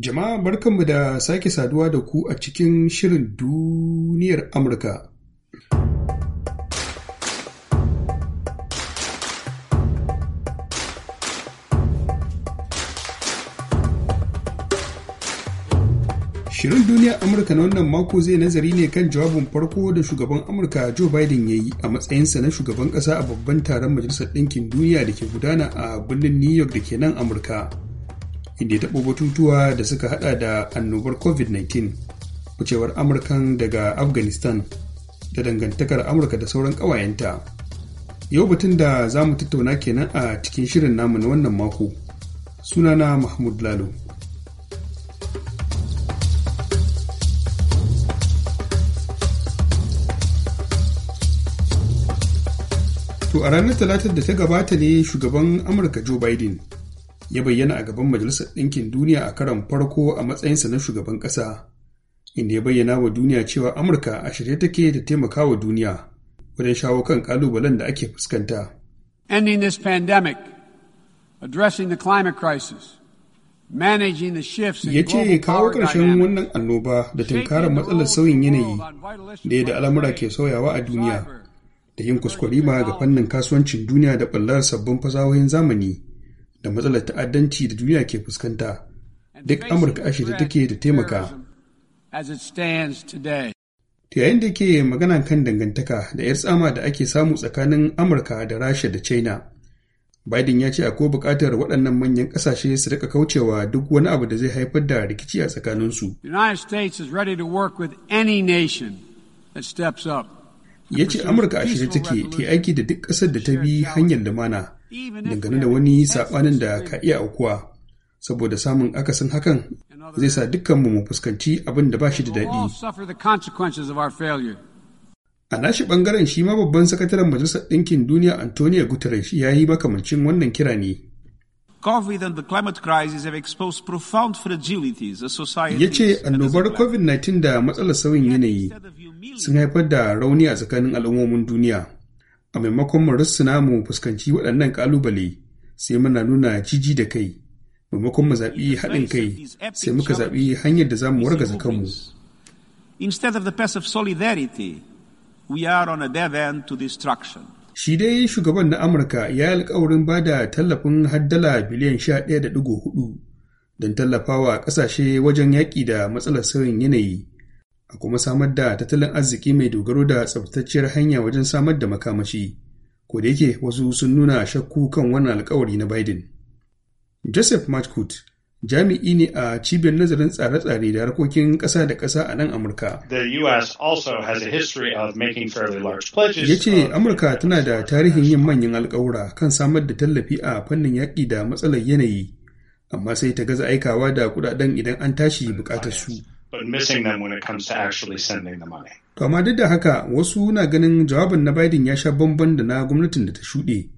Jama'a barkanmu da sake saduwa da ku a cikin shirin duniyar Amurka. Shirin duniyar Amurka na wannan mako zai nazari ne kan jawabin farko da shugaban Amurka Joe Biden ya yi a matsayinsa na shugaban ƙasa a babban taron Majalisar Ɗinkin Duniya da ke gudana a birnin New York da ke nan Amurka. inda ya taɓo batutuwa da suka hada da annobar covid-19 wucewar amurkan daga afghanistan da dangantakar amurka da sauran ƙawayenta yau batun da za mu tattauna kenan a cikin shirin namu na wannan mako sunana mahmud lalo To a ranar talatar da ta gabata ne shugaban Amurka Joe Biden ya bayyana a gaban Majalisar Ɗinkin Duniya a karon farko a matsayinsa na shugaban ƙasa, inda ya bayyana wa duniya cewa Amurka a shirye take da taimaka wa duniya wajen shawo kan kalubalen da ake fuskanta. Ending this pandemic, addressing the climate crisis, ya ce kawo ƙarshen wannan annoba da tunkarar matsalar sauyin yanayi da yadda al'amura ke sauyawa a duniya da yin ma ga fannin kasuwancin duniya da ɓallar sabbin fasahohin zamani da matsalar ta'addanci da duniya ke fuskanta duk amurka ashe da take da taimaka ta yayin da ke magana kan dangantaka da 'yar tsama da ake samu tsakanin amurka da rasha da china biden ya ce akwai bukatar waɗannan manyan ƙasashe su rika kaucewa duk wani abu da zai haifar da rikici a tsakaninsu. the united is ready to work with any nation that ya ce amurka a shirye take ta aiki da duk ƙasar da ta bi hanyar da mana dangane da wani saɓanin da ka iya aukuwa saboda samun akasin hakan zai sa dukkanmu mu fuskanci abin da ba shi da daɗi a nashi ɓangaren shi ma babban sakataren majalisar ɗinkin duniya antonio guterres ya yi makamancin wannan kira ne COVID and the climate crisis have exposed profound fragilities a society. Yace annobar COVID-19 da matsalar sauyin yanayi sun haifar da rauni a tsakanin al'ummomin duniya. A maimakon mu rissuna mu fuskanci waɗannan ƙalubale sai muna nuna jiji da kai. Maimakon mu zaɓi haɗin kai sai muka zaɓi hanyar da za mu warga kanmu. Instead of the path of solidarity, we are on a dead end to destruction. Shi dai shugaban na Amurka ya yi alkawarin ba da tallafin haddala biliyan hudu don tallafawa ƙasashe wajen yaƙi da matsalar sauyin yanayi, a kuma samar da tattalin arziki mai dogaro da tsabtacciyar hanya wajen samar da makamashi, ko da yake wasu sun nuna shakku kan wannan alkawari na Biden. Joseph Matkut jami'i ne a cibiyar nazarin tsare-tsare da harkokin ƙasa da ƙasa a nan Amurka. Ya ce Amurka tana da tarihin yin manyan alkawura kan samar da tallafi a fannin yaƙi da matsalar yanayi, amma sai ta gaza aikawa da kuɗaɗen idan an tashi buƙatar su. To amma duk da haka wasu na ganin jawabin na Biden ya sha bamban da na gwamnatin da ta shuɗe.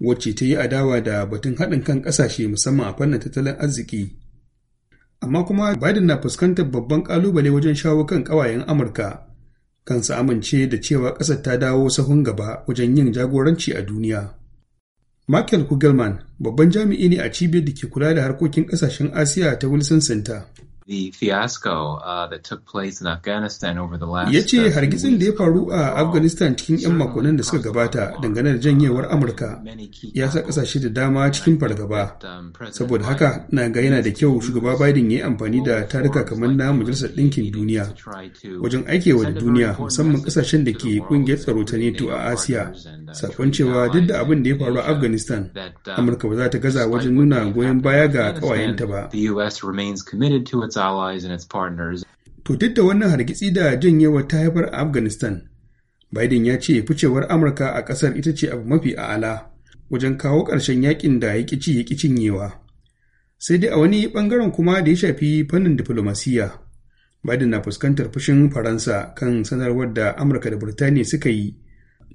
wacce ta yi adawa da batun haɗin kan ƙasashe musamman a fannin tattalin arziki. Amma kuma Biden na fuskantar babban ƙalubale wajen shawo kan ƙawayen Amurka kansa amince da cewa ƙasar ta dawo sahun gaba wajen yin jagoranci a duniya. Michael Kugelman babban jami'i ne a cibiyar da ke kula da harkokin ƙasashen Asiya ta Wilson Center. the fiasco uh, that in Afghanistan over the last. Ya ce uh, hargitsin da ya faru a Afghanistan cikin 'yan makonnin da suka gabata dangane da janyewar Amurka ya sa kasashe da dama cikin fargaba. Um, Saboda haka na ga yana da kyau shugaba Biden ya yi amfani da tarika kamar na Majalisar Ɗinkin Duniya wajen aikewa da duniya musamman ƙasashen da ke kungiyar tsaro ta NATO a Asiya. Uh, Sakon cewa duk da abin da ya faru a Afghanistan, um, Amurka ba za ta gaza wajen nuna goyon baya ga ƙawayenta ba. its allies and its partners. To duk da wannan hargitsi da janyewa ta haifar a Afghanistan, Biden ya ce ficewar Amurka a ƙasar ita ce abu mafi a'ala wajen kawo ƙarshen yakin da ya ci ya cinyewa. Sai dai a wani ɓangaren kuma da ya shafi fannin diflomasiyya. Biden na fuskantar fushin Faransa kan sanarwar da Amurka da Burtaniya suka yi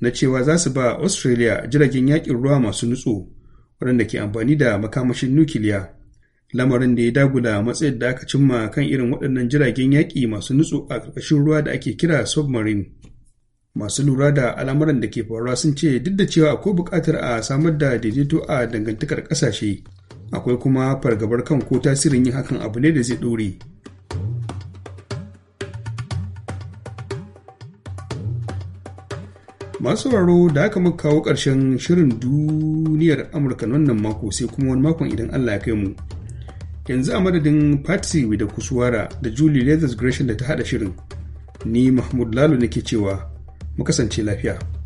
na cewa za su ba Australia jiragen yakin ruwa masu nutso waɗanda ke amfani da makamashin nukiliya. lamarin da ya dagula matsayin da aka cimma kan irin waɗannan jiragen yaƙi masu nutsu a ƙarƙashin ruwa da ake kira submarine masu lura da al'amuran da ke faruwa sun ce duk da cewa akwai buƙatar a samar da daidaito a dangantakar ƙasashe akwai kuma fargabar kan ko tasirin yin hakan abu ne da zai ɗore masu sauraro da aka muka kawo ƙarshen shirin duniyar amurka wannan mako sai kuma wani makon idan allah ya kai mu yanzu a madadin patsy da kuswara da julie leathers gresham da ta hada shirin ni mahmud lalo nake cewa mu kasance lafiya